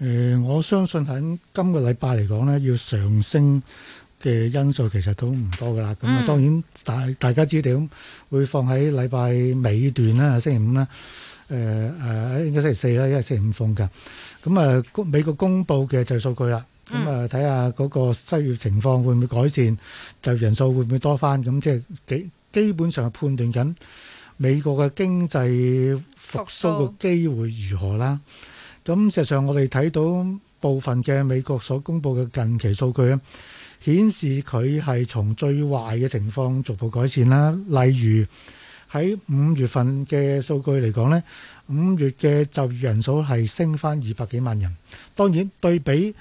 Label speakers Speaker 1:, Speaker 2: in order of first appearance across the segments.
Speaker 1: 誒、呃，我相信喺今個禮拜嚟講咧，要上升嘅因素其實都唔多噶啦。咁啊、嗯，當然大大家知道，會放喺禮拜尾段啦，星期五啦。誒、呃、誒，應該星期四啦，因為星期五放嘅。咁、嗯、啊，美國公佈嘅就係數據啦。咁啊、嗯，睇下嗰個失業情況會唔會改善，就人數會唔會多翻。咁即係基基本上判斷緊美國嘅經濟復甦嘅機會如何啦。咁，事實上我哋睇到部分嘅美國所公布嘅近期數據咧，顯示佢係從最壞嘅情況逐步改善啦。例如喺五月份嘅數據嚟講咧，五月嘅就業人數係升翻二百幾萬人。當然對比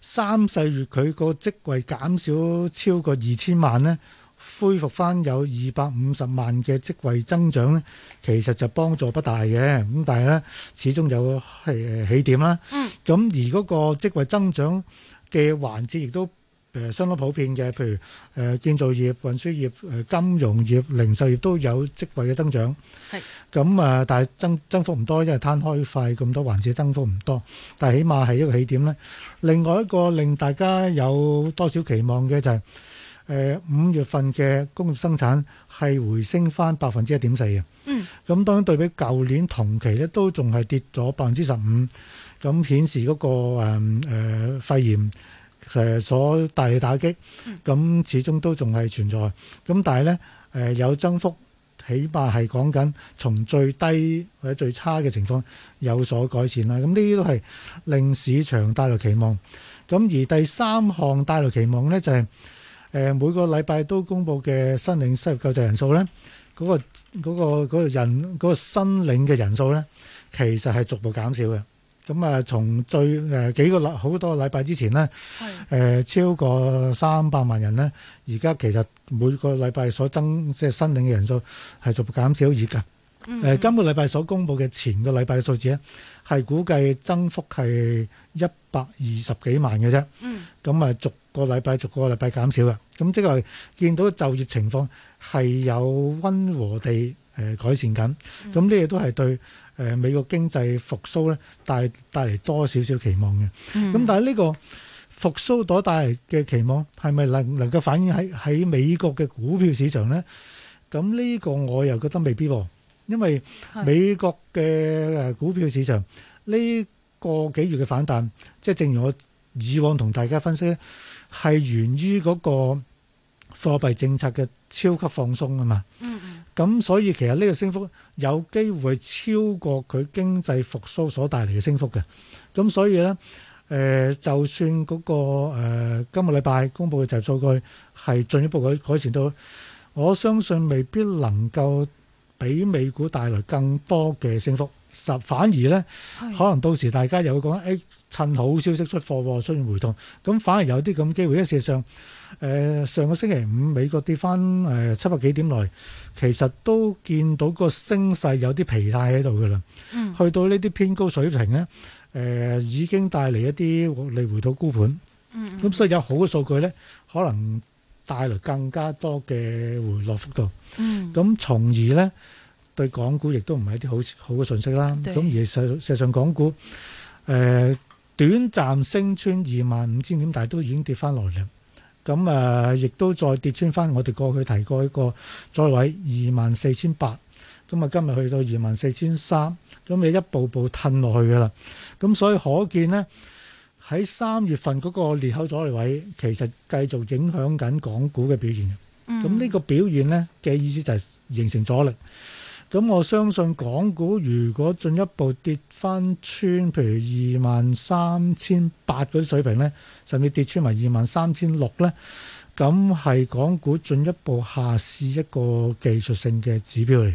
Speaker 1: 三四月佢個職位減少超過二千萬咧，恢復翻有二百五十萬嘅職位增長咧，其實就幫助不大嘅。咁但係咧，始終有起點啦。咁、嗯、而嗰個職位增長嘅環節亦都相當普遍嘅。譬如建造業、運輸業、金融業、零售業都有職位嘅增長。係咁啊是！但係增，增幅唔多，因為攤開快咁多環節，增幅唔多。但係起碼係一個起點咧。另外一個令大家有多少期望嘅就係、是。誒五、呃、月份嘅工業生產係回升翻百分之一點四嘅，咁當然對比舊年同期咧，都仲係跌咗百分之十五。咁顯示嗰、那個誒、嗯呃、肺炎、呃、所帶嚟打擊，咁始終都仲係存在。咁但係咧、呃、有增幅，起碼係講緊從最低或者最差嘅情況有所改善啦。咁呢啲都係令市場帶來期望。咁而第三項帶來期望咧，就係、是。誒、呃、每個禮拜都公布嘅申領失業救濟人數咧，嗰、那個嗰、那個那個、人嗰、那個申領嘅人數咧，其實係逐步減少嘅。咁啊，從最誒、呃、幾個禮好多個禮拜之前咧，誒的、呃、超過三百萬人咧，而家其實每個禮拜所增即係申領嘅人數係逐步減少而㗎。誒、嗯嗯呃、今個禮拜所公布嘅前個禮拜嘅數字咧，係估計增幅係一百二十幾萬嘅啫。咁啊、嗯，逐、嗯個禮拜逐個禮拜減少嘅，咁即係見到就業情況係有溫和地誒改善緊，咁呢嘢都係對誒美國經濟復甦咧帶帶嚟多少少期望嘅。咁但係呢個復甦所帶嚟嘅期望係咪能能夠反映喺喺美國嘅股票市場咧？咁呢個我又覺得未必，因為美國嘅誒股票市場呢個幾月嘅反彈，即係正如我以往同大家分析咧。係源於嗰個貨幣政策嘅超級放鬆啊嘛，咁、嗯嗯、所以其實呢個升幅有機會超過佢經濟復甦所帶嚟嘅升幅嘅。咁所以咧、呃，就算嗰、那個、呃、今個禮拜公布嘅集數據係進一步改改善到，我相信未必能夠俾美股帶來更多嘅升幅。十反而咧，可能到時大家又會講、欸、趁好消息出貨喎，出現回吐，咁反而有啲咁機會。一事實上、呃，上個星期五美國跌返、呃、七百幾點內，其實都見到個升勢有啲疲態喺度㗎啦。嗯，去到呢啲偏高水平咧、呃，已經帶嚟一啲利回到沽盤。嗯，嗯，咁所以有好嘅數據咧，可能帶來更加多嘅回落幅度。嗯，咁從而咧。對港股亦都唔係一啲好好嘅信息啦。咁對而事實上港股誒、呃、短暫升穿二萬五千點，但係都已經跌翻落嚟。咁誒亦都再跌穿翻我哋過去提過一個阻力位二萬四千八。咁啊，今日去到二萬四千三，咁你一步步褪落去㗎啦。咁、嗯、所以，可見呢喺三月份嗰個裂口阻力位，其實繼續影響緊港股嘅表現。咁、嗯、呢個表現呢嘅意思就係形成阻力。咁我相信港股如果進一步跌翻穿，譬如二萬三千八嗰啲水平咧，甚至跌穿埋二萬三千六咧，咁係港股進一步下試一個技術性嘅指標嚟。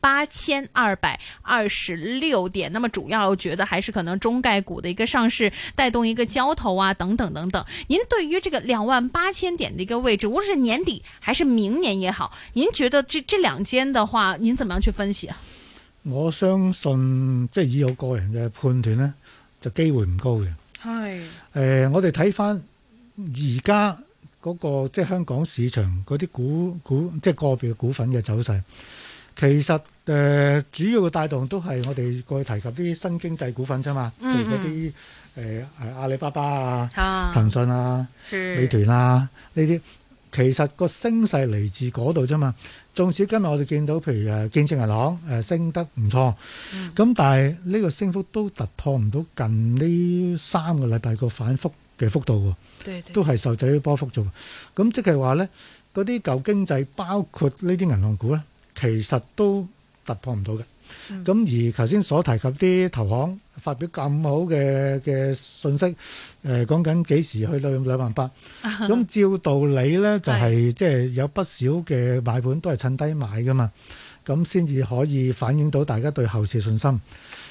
Speaker 2: 八千二百二十六點，那麼主要覺得還是可能中概股的一個上市帶動一個交投啊，等等等等。您對於這個兩萬八千點的一個位置，無論是年底還是明年也好，您覺得這這兩間的話，您怎麼樣去分析，啊？
Speaker 1: 我相信即係、就是、以我個人嘅判斷呢，就機會唔高嘅。係誒唉、呃，我哋睇翻而家嗰個即係、就是、香港市場嗰啲股股，即係、就是、個別股份嘅走勢。其實誒，主要嘅帶動都係我哋過去提及啲新經濟股份啫嘛，譬如嗰啲誒誒阿里巴巴啊、騰訊啊、
Speaker 2: 美團
Speaker 1: 啊呢啲。其實個升勢嚟自嗰度啫嘛。縱使今日我哋見到譬如誒建設銀行誒升得唔錯，咁但係呢個升幅都突破唔到近呢三個禮拜個反覆嘅幅度喎，都係受制於波幅做。咁即係話咧，嗰啲舊經濟包括呢啲銀行股咧。其實都突破唔到嘅，咁而頭先所提及啲投行發表咁好嘅嘅信息，誒講緊幾時去到兩萬八，咁照道理呢就係即係有不少嘅買盤都係趁低買㗎嘛，咁先至可以反映到大家對後市信心。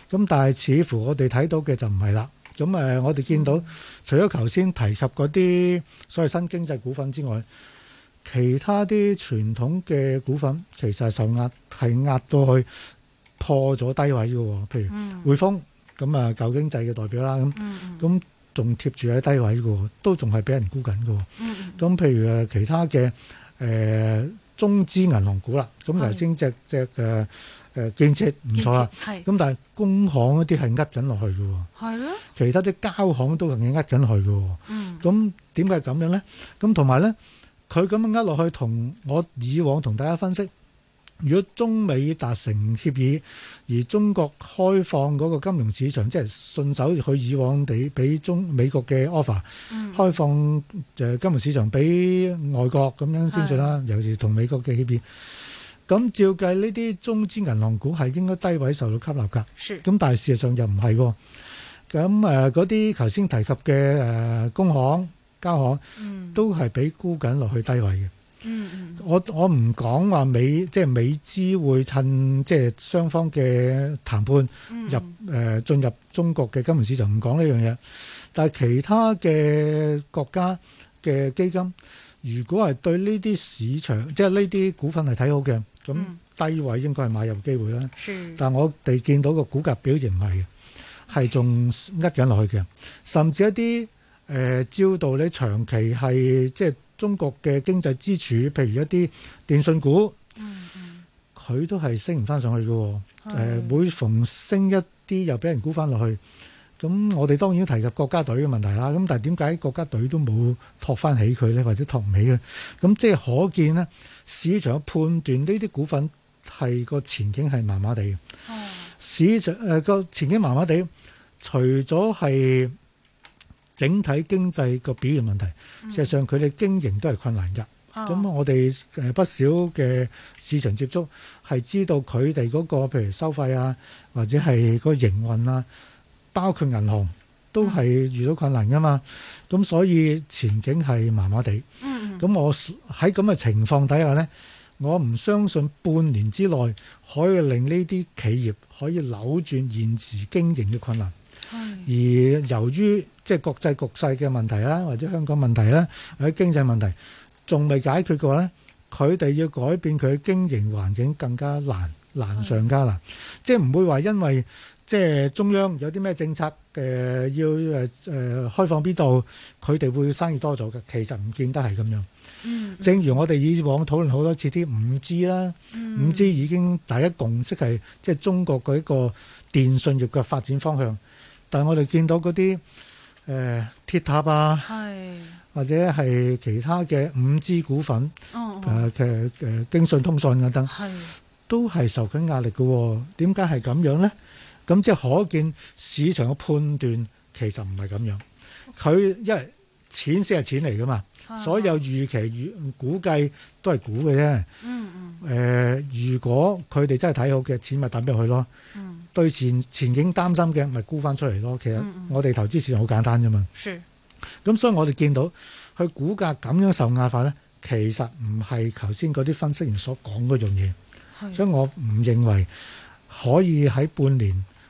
Speaker 1: 咁但係似乎我哋睇到嘅就唔係啦，咁誒我哋見到除咗頭先提及嗰啲所謂新經濟股份之外。其他啲傳統嘅股份其實係受壓，係壓到去破咗低位嘅喎。譬如嗯、匯豐咁啊，舊經濟嘅代表啦，咁咁仲貼住喺低位㗎喎，都仲係俾人沽緊嘅喎。咁、嗯、譬如其他嘅、呃、中資銀行股啦，咁頭先只只誒誒、啊啊、建設唔錯啦，咁但係工行啲係壓緊落去嘅喎。咯的。其他啲交行都同、嗯、樣壓緊去嘅喎。咁點解咁樣咧？咁同埋咧。佢咁樣壓落去，同我以往同大家分析，如果中美達成協議，而中國開放嗰個金融市場，即係順手去以往地俾中美國嘅 offer，、嗯、開放、呃、金融市場俾外國咁樣先進啦。的尤其是同美國嘅協議，咁照計呢啲中資銀行股係應該低位受到吸納㗎。咁的，但係事實上又唔係。咁誒嗰啲頭先提及嘅誒、呃、工行。交行都係俾沽緊落去低位嘅、嗯。我我唔講話美即係、就是、美資會趁即係、就是、雙方嘅談判入誒、嗯、進入中國嘅金融市場，唔講呢樣嘢。但係其他嘅國家嘅基金，如果係對呢啲市場即係呢啲股份係睇好嘅，咁低位應該係買入機會啦。嗯、但係我哋見到個股價表現唔係嘅，係仲呃緊落去嘅，甚至一啲。誒招到你長期係即係中國嘅經濟支柱，譬如一啲電信股，嗯嗯，佢、嗯、都係升唔翻上去嘅。誒、呃，嗯、每逢升一啲又俾人沽翻落去。咁我哋當然提及國家隊嘅問題啦。咁但係點解國家隊都冇托翻起佢咧，或者托唔起嘅？咁即係可見咧，市場判斷呢啲股份係個前景係麻麻地嘅。嗯、市場誒個前景麻麻地，除咗係。整體經濟個表現問題，事實上佢哋經營都係困難噶。咁、哦、我哋誒不少嘅市場接觸係知道佢哋嗰個，譬如收費啊，或者係個營運啊，包括銀行都係遇到困難噶嘛。咁、嗯、所以前景係麻麻地。咁、嗯、我喺咁嘅情況底下咧，我唔相信半年之內可以令呢啲企業可以扭轉現時經營嘅困難。而由於即係國際局勢嘅問題啦，或者香港問題啦，或者經濟問題仲未解決過咧，佢哋要改變佢經營環境更加難難上加難是的。即係唔會話因為即係中央有啲咩政策嘅、呃、要誒誒、呃、開放邊度，佢哋會生意多咗嘅。其實唔見得係咁樣。嗯、嗯，正如我哋以往討論好多次啲五 G 啦，五 G 已經、嗯、大家共識係即係中國嘅一個電信業嘅發展方向。但係我哋見到嗰啲誒鐵塔啊，是或者係其他嘅五 G 股份，誒嘅誒京信通訊等等，是都係受緊壓力嘅喎。點解係咁樣咧？咁即係可見市場嘅判斷其實唔係咁樣。佢因為錢先係錢嚟噶嘛。所有預期、預估計都係估嘅啫、嗯。嗯嗯。誒、呃，如果佢哋真係睇好嘅，錢咪抌入去咯。嗯。對前前景擔心嘅，咪沽翻出嚟咯。其實我哋投資市場好簡單啫嘛。咁、嗯嗯、所以我哋見到佢股價咁樣受壓法咧，其實唔係頭先嗰啲分析員所講嗰樣嘢，是的所以我唔認為可以喺半年。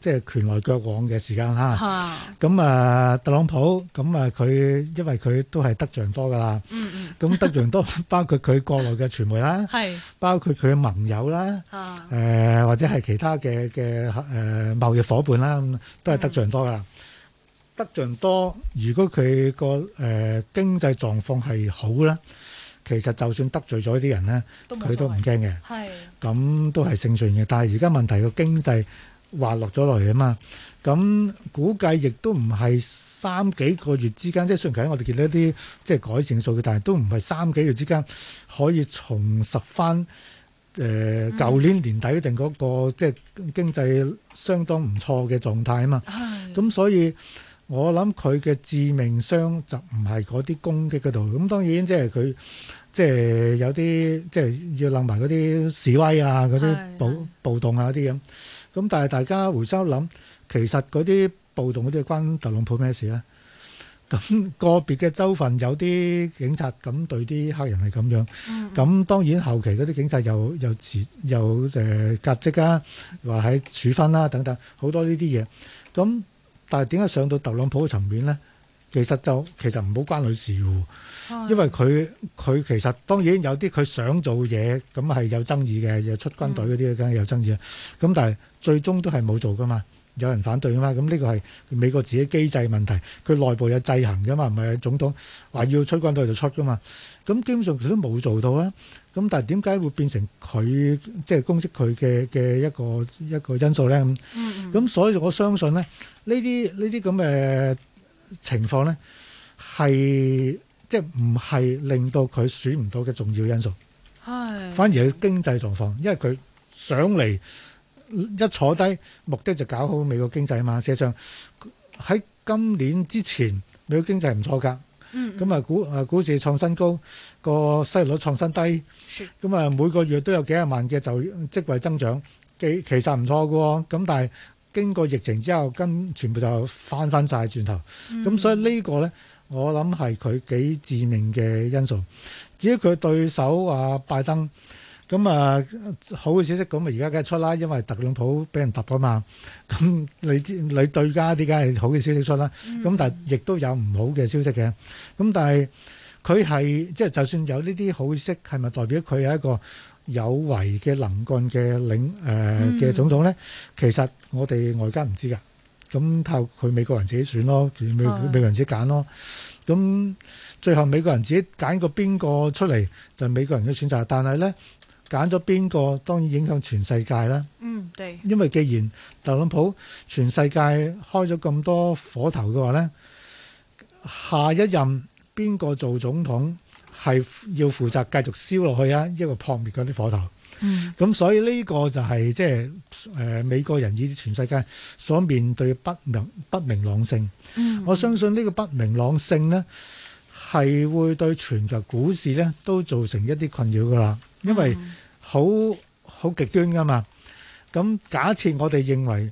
Speaker 1: 即係拳來腳往嘅時間嚇，咁啊特朗普咁啊佢，因為佢都係得罪多噶啦，咁得罪多包括佢國內嘅傳媒啦，包括佢嘅盟友啦，誒或者係其他嘅嘅誒貿易夥伴啦，都係得罪多噶啦。得罪多，如果佢個誒經濟狀況係好咧，其實就算得罪咗啲人咧，佢都唔驚嘅，咁都係勝算嘅。但係而家問題個經濟。滑落咗落嚟啊嘛，咁估計亦都唔係三幾個月之間，即係雖然我哋見到一啲即係改善數據，但係都唔係三幾個月之間可以重拾翻誒舊年年底定嗰個即係經濟相當唔錯嘅狀態啊嘛。咁、嗯、所以我諗佢嘅致命傷就唔係嗰啲攻擊嗰度，咁當然即係佢即係有啲即係要諗埋嗰啲示威啊、嗰啲暴暴動呀、啊、啊啲咁。咁但係大家回頭諗，其實嗰啲暴動好似關特朗普咩事咧？咁 個別嘅州份有啲警察咁對啲黑人係咁樣，咁、嗯、當然後期嗰啲警察又又辭又誒革、呃、職啊，話喺處分啦、啊、等等好多呢啲嘢。咁但係點解上到特朗普嘅層面咧？其實就其實唔好關佢事嘅，因為佢佢其實當然有啲佢想做嘢，咁係有爭議嘅，又出軍隊嗰啲梗係有爭議啦。咁但係最終都係冇做噶嘛，有人反對啊嘛。咁呢個係美國自己機制問題，佢內部有制衡噶嘛，唔係總統話要出軍隊就出噶嘛。咁基本上佢都冇做到啦。咁但係點解會變成佢即係攻擊佢嘅嘅一個一個因素咧？咁咁所以我相信咧，呢啲呢啲咁嘅。情況咧係即係唔係令到佢選唔到嘅重要因素，係反而係經濟狀況，因為佢上嚟一坐低目的就搞好美國經濟嘛。事實上喺今年之前，美國經濟唔錯㗎，嗯，咁啊股啊股市創新高，個失業率創新低，係咁啊，每個月都有幾十萬嘅就職位增長，其其實唔錯嘅，咁但係。經過疫情之後，跟全部就翻翻晒轉頭，咁、嗯、所以這個呢個咧，我諗係佢幾致命嘅因素。至於佢對手啊拜登，咁啊好嘅消息咁啊，而家梗係出啦，因為特朗普俾人揼啊嘛。咁你你對家梗係好嘅消息出啦？咁、嗯、但係亦都有唔好嘅消息嘅。咁但係佢係即係就算有呢啲好息，係咪代表佢係一個？有為嘅能幹嘅領誒嘅總統咧，其實我哋外間唔知㗎，咁靠佢美國人自己選咯，美美國人自己揀咯，咁最後美國人自己揀個邊個出嚟就係美國人嘅選擇，但係咧揀咗邊個當然影響全世界啦。嗯，對。因為既然特朗普全世界開咗咁多火頭嘅話咧，下一任邊個做總統？係要負責繼續燒落去啊！一個撲滅嗰啲火頭，咁、嗯、所以呢個就係即係誒美國人以至全世界所面對嘅不明不明朗性。嗯、我相信呢個不明朗性咧，係會對全個股市咧都造成一啲困擾噶啦，因為好好極端噶嘛。咁假設我哋認為。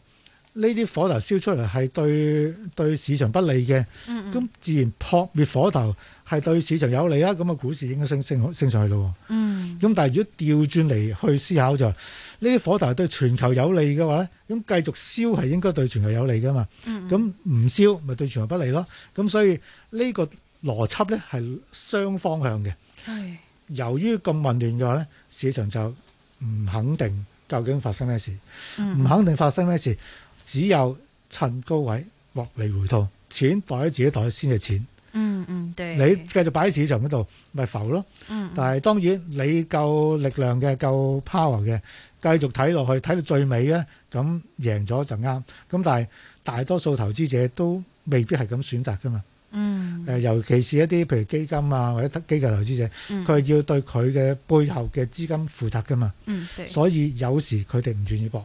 Speaker 1: 呢啲火頭燒出嚟係對對市場不利嘅，咁自然撲滅火頭係對市場有利啊。咁個股市應該升升升上去咯。嗯，咁但係如果調轉嚟去思考就，呢啲火頭係對全球有利嘅話咧，咁繼續燒係應該對全球有利㗎嘛？咁唔燒咪對全球不利咯。咁所以呢個邏輯咧係雙方向嘅。係由於咁混亂嘅話咧，市場就唔肯定究竟發生咩事，唔肯定發生咩事。只有趁高位獲利回吐，錢袋喺自己袋先係錢。嗯嗯，對。你繼續擺喺市場嗰度，咪浮咯。嗯。但係當然，你夠力量嘅、夠 power 嘅，繼續睇落去，睇到最尾咧，咁贏咗就啱。咁但係大多數投資者都未必係咁選擇噶嘛。嗯。誒、呃，尤其是一啲譬如基金啊，或者機構投資者，佢、嗯、係要對佢嘅背後嘅資金負責噶嘛。嗯，
Speaker 2: 對。所
Speaker 1: 以有時佢哋唔願意搏。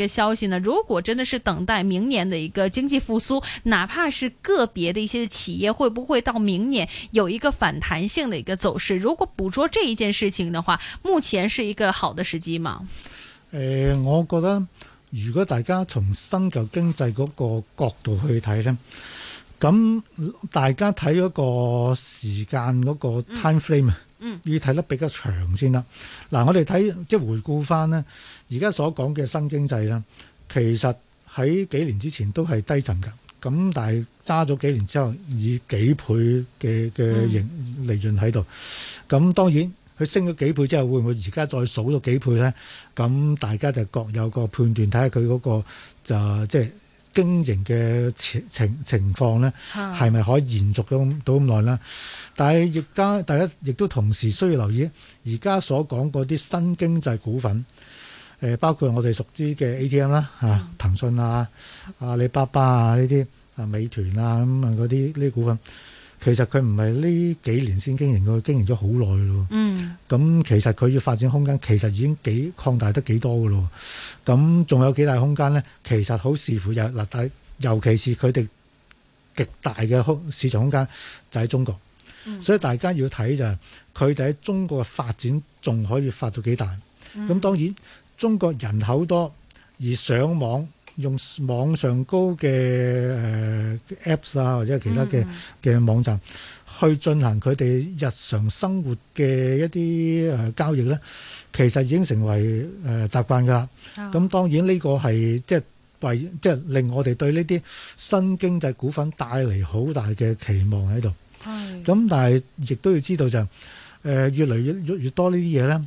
Speaker 2: 消息呢？如果真的是等待明年的一個經濟復蘇，哪怕是個別的一些企業，會不會到明年有一個反彈性的一個走勢？如果捕捉這一件事情的話，目前是一個好的時機嗎？誒、
Speaker 1: 呃，我覺得如果大家從新舊經濟嗰個角度去睇咧，咁大家睇嗰個時間嗰個 time frame 啊、嗯。嗯，要睇得比較長先啦。嗱、啊，我哋睇即係回顧翻咧，而家所講嘅新經濟啦，其實喺幾年之前都係低層㗎。咁但係揸咗幾年之後，以幾倍嘅嘅盈利潤喺度。咁、啊、當然，佢升咗幾倍之後，會唔會而家再數咗幾倍咧？咁、啊、大家就各有個判斷，睇下佢嗰個就即係。經營嘅情情情況咧，係咪可以延續到咁到咁耐咧？但係亦都大家亦都同時需要留意，而家所講嗰啲新經濟股份，誒包括我哋熟知嘅 ATM 啦、啊、啊、嗯、騰訊啊、阿里巴巴啊呢啲啊些美團啊咁啊嗰啲呢啲股份。其實佢唔係呢幾年先經營，佢經營咗好耐咯。嗯，咁其實佢要發展空間，其實已經幾擴大得幾多噶咯。咁仲有幾大空間咧？其實好視乎有，嗱，但尤其是佢哋極大嘅空市場空間就喺中國。嗯，所以大家要睇就係佢哋喺中國嘅發展仲可以發到幾大。咁，嗯，當然中國人口多而上網。用網上高嘅誒 apps 啊，或者其他嘅嘅網站去進行佢哋日常生活嘅一啲誒交易咧，其實已經成為誒習慣噶啦。咁當然呢個係即係為即係令我哋對呢啲新經濟股份帶嚟好大嘅期望喺度。咁但係亦都要知道就係誒越嚟越越多呢啲嘢咧。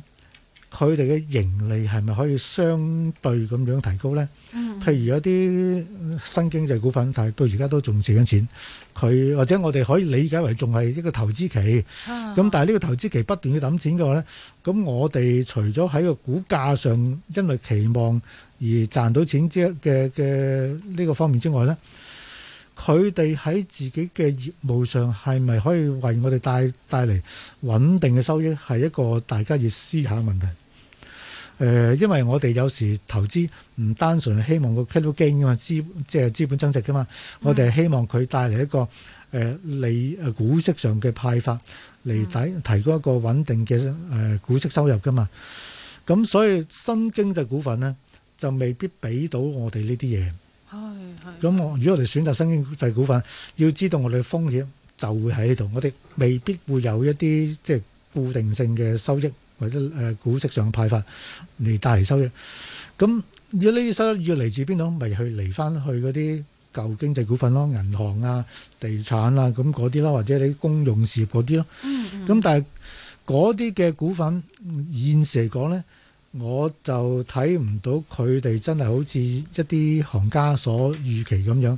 Speaker 1: 佢哋嘅盈利係咪可以相對咁樣提高呢？嗯、譬如有啲新經濟股份，但係到而家都仲蝕緊錢。佢或者我哋可以理解為仲係一個投資期。咁、嗯、但係呢個投資期不斷要揼錢嘅話咧，咁我哋除咗喺個股價上因為期望而賺到錢之一嘅嘅呢個方面之外呢，佢哋喺自己嘅業務上係咪可以為我哋帶帶嚟穩定嘅收益，係一個大家要思考嘅問題。呃、因為我哋有時投資唔單純係希望個 capital gain 嘛，資即係資本增值㗎嘛。嗯、我哋係希望佢帶嚟一個誒、呃、利股息上嘅派發嚟提，提供一個穩定嘅、呃、股息收入㗎嘛。咁所以新經濟股份咧，就未必俾到我哋呢啲嘢。係。係。咁我如果我哋選擇新經濟股份，要知道我哋嘅風險就會喺度，我哋未必會有一啲即係固定性嘅收益。或者誒股息上嘅派發嚟帶嚟收益，咁如果呢啲收益要嚟自邊度？咪去嚟翻去嗰啲舊經濟股份咯，銀行啊、地產啊，咁嗰啲咯，或者你啲公用事業嗰啲咯。咁但係嗰啲嘅股份現時嚟講咧，我就睇唔到佢哋真係好似一啲行家所預期咁樣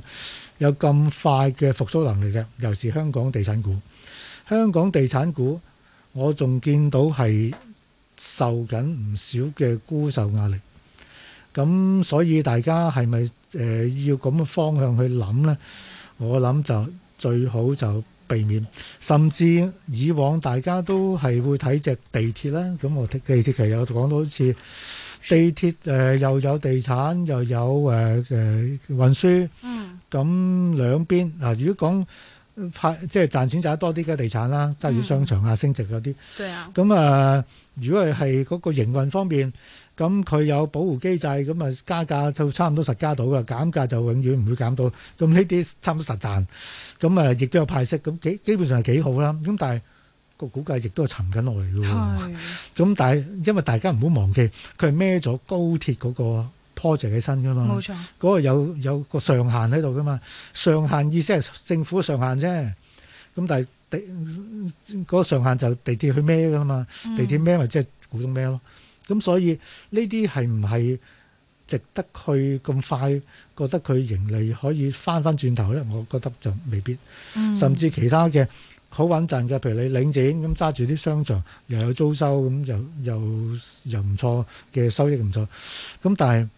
Speaker 1: 有咁快嘅復甦能力嘅。尤其係香港地產股，香港地產股，我仲見到係受緊唔少嘅沽售壓力，咁所以大家係咪誒要咁嘅方向去諗咧？我諗就最好就避免，甚至以往大家都係會睇隻地鐵啦。咁我地鐵其實有講到好似地鐵誒又有地產又有誒誒運輸，咁兩邊嗱，如果講。派即係賺錢賺得多啲嘅地產啦，例如商場啊、嗯、升值嗰啲。對啊。咁啊、嗯，如果係係嗰個營運方面，咁佢有保護機制，咁啊加價就差唔多實加到嘅，減價就永遠唔會減到。咁呢啲差唔多實賺，咁啊亦都有派息，咁幾基本上係幾好啦。咁、嗯、但係個估計亦都係沉緊落嚟嘅。咁是、嗯、但係因為大家唔好忘記，佢係孭咗高鐵嗰、那個。project 起身噶嘛，嗰個有有個上限喺度噶嘛，上限意思係政府嘅上限啫。咁但係地
Speaker 2: 嗰
Speaker 1: 個上限就地鐵去孭噶啦嘛，地鐵孭咪即係股東孭咯。咁所以呢啲係唔係值得去咁快覺得佢盈利可以翻翻轉頭咧？我覺得就未必。甚至其他嘅好穩陣嘅，譬如你領展咁揸住啲商場，又有租收咁又又又唔錯嘅收益唔錯。咁但係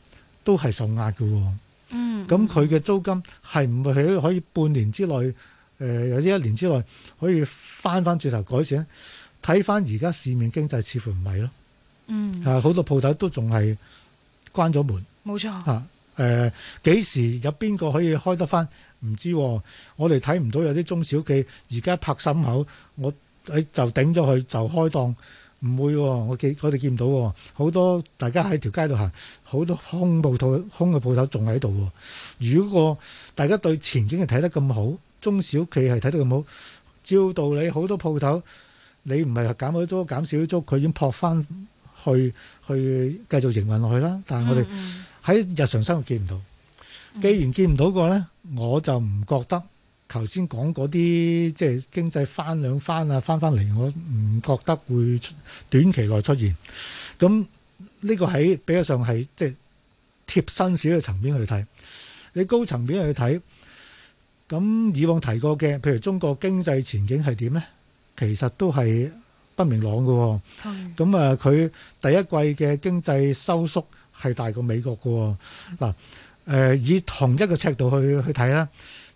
Speaker 1: 都係受壓嘅。哦，嗯，咁佢嘅租金係唔會喺可以半年之內，誒、呃，有啲一年之內可以翻翻轉頭改善，睇翻而家市面經濟似乎唔係咯，嗯，啊，好多鋪頭都仲係關咗門，
Speaker 2: 冇錯，吓、
Speaker 1: 啊，誒、呃，幾時有邊個可以開得翻唔知道。哦，我哋睇唔到有啲中小企而家拍心口，我喺就頂咗佢就開檔。唔會喎、哦，我記我哋見唔到好、哦、多大家喺條街度行，好多空，空鋪頭空嘅鋪頭仲喺度喎。如果個大家對前景係睇得咁好，中小企係睇得咁好，照道理好多鋪頭你唔係減咗租、減少咗租，佢已經撲翻去去繼續營運落去啦。但係我哋喺日常生活見唔到。嗯嗯，既然見唔到、個呢，我就唔覺得。頭先講嗰啲即係經濟翻兩翻啊，翻翻嚟，我唔覺得會短期內出現。咁呢、呢個喺比較上係即係貼身少嘅層面去睇，你高層面去睇，咁以往提過嘅，譬如中國經濟前景係點咧？其實都係不明朗嘅、哦。係、嗯。咁啊，佢第一季嘅經濟收縮係大過美國嘅、哦。嗱，誒、呃、以同一個尺度去去睇啦。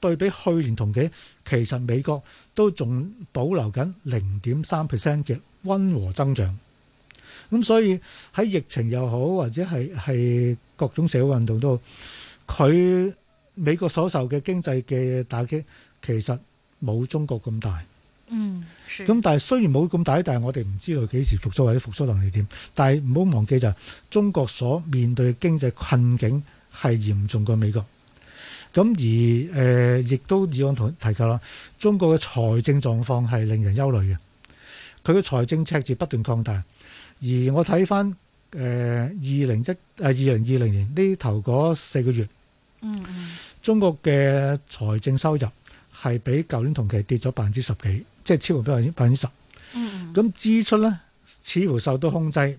Speaker 1: 對比去年同期，其實美國都仲保留緊零點三 percent 嘅溫和增長。咁所以喺疫情又好，或者係係各種社會運動都好，佢美國所受嘅經濟嘅打擊，其實冇中國咁大。嗯，咁但係雖然冇咁大，但係我哋唔知道幾時復甦或者復甦能力點。但係唔好忘記就係中國所面對嘅經濟困境係嚴重過美國。咁而誒、呃，亦都以往同提及啦。中國嘅財政狀況係令人憂慮嘅，佢嘅財政赤字不斷擴大。而我睇翻誒二零一誒二零二零年呢頭嗰四個月，嗯嗯，中國嘅財政收入係比舊年同期跌咗百分之十幾，即係超過百分之百分之十。嗯嗯，咁支出咧似乎受到控制，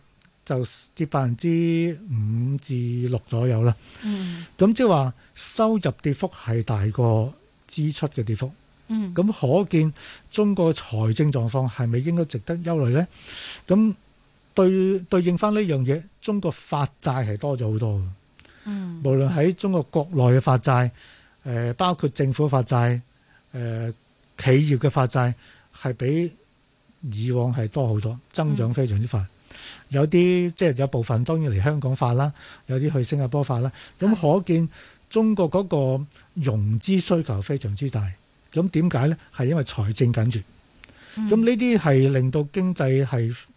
Speaker 1: 就跌百分之五至六左右啦。嗯，咁即係話收入跌幅係大過支出嘅跌幅。嗯，咁可見中國財政狀況係咪應該值得憂慮咧？咁對對應翻呢樣嘢，中國發債係多咗好多嘅。嗯，無論喺中國國內嘅發債，誒、呃，包括政府發債，誒、呃，企業嘅發債係比以往係多好多，增長非常之快。嗯有啲即係有部分當然嚟香港發啦，有啲去新加坡發啦。咁可見中國嗰個融資需求非常之大。咁點解呢？係因為財政緊絀。咁呢啲係令到經濟係。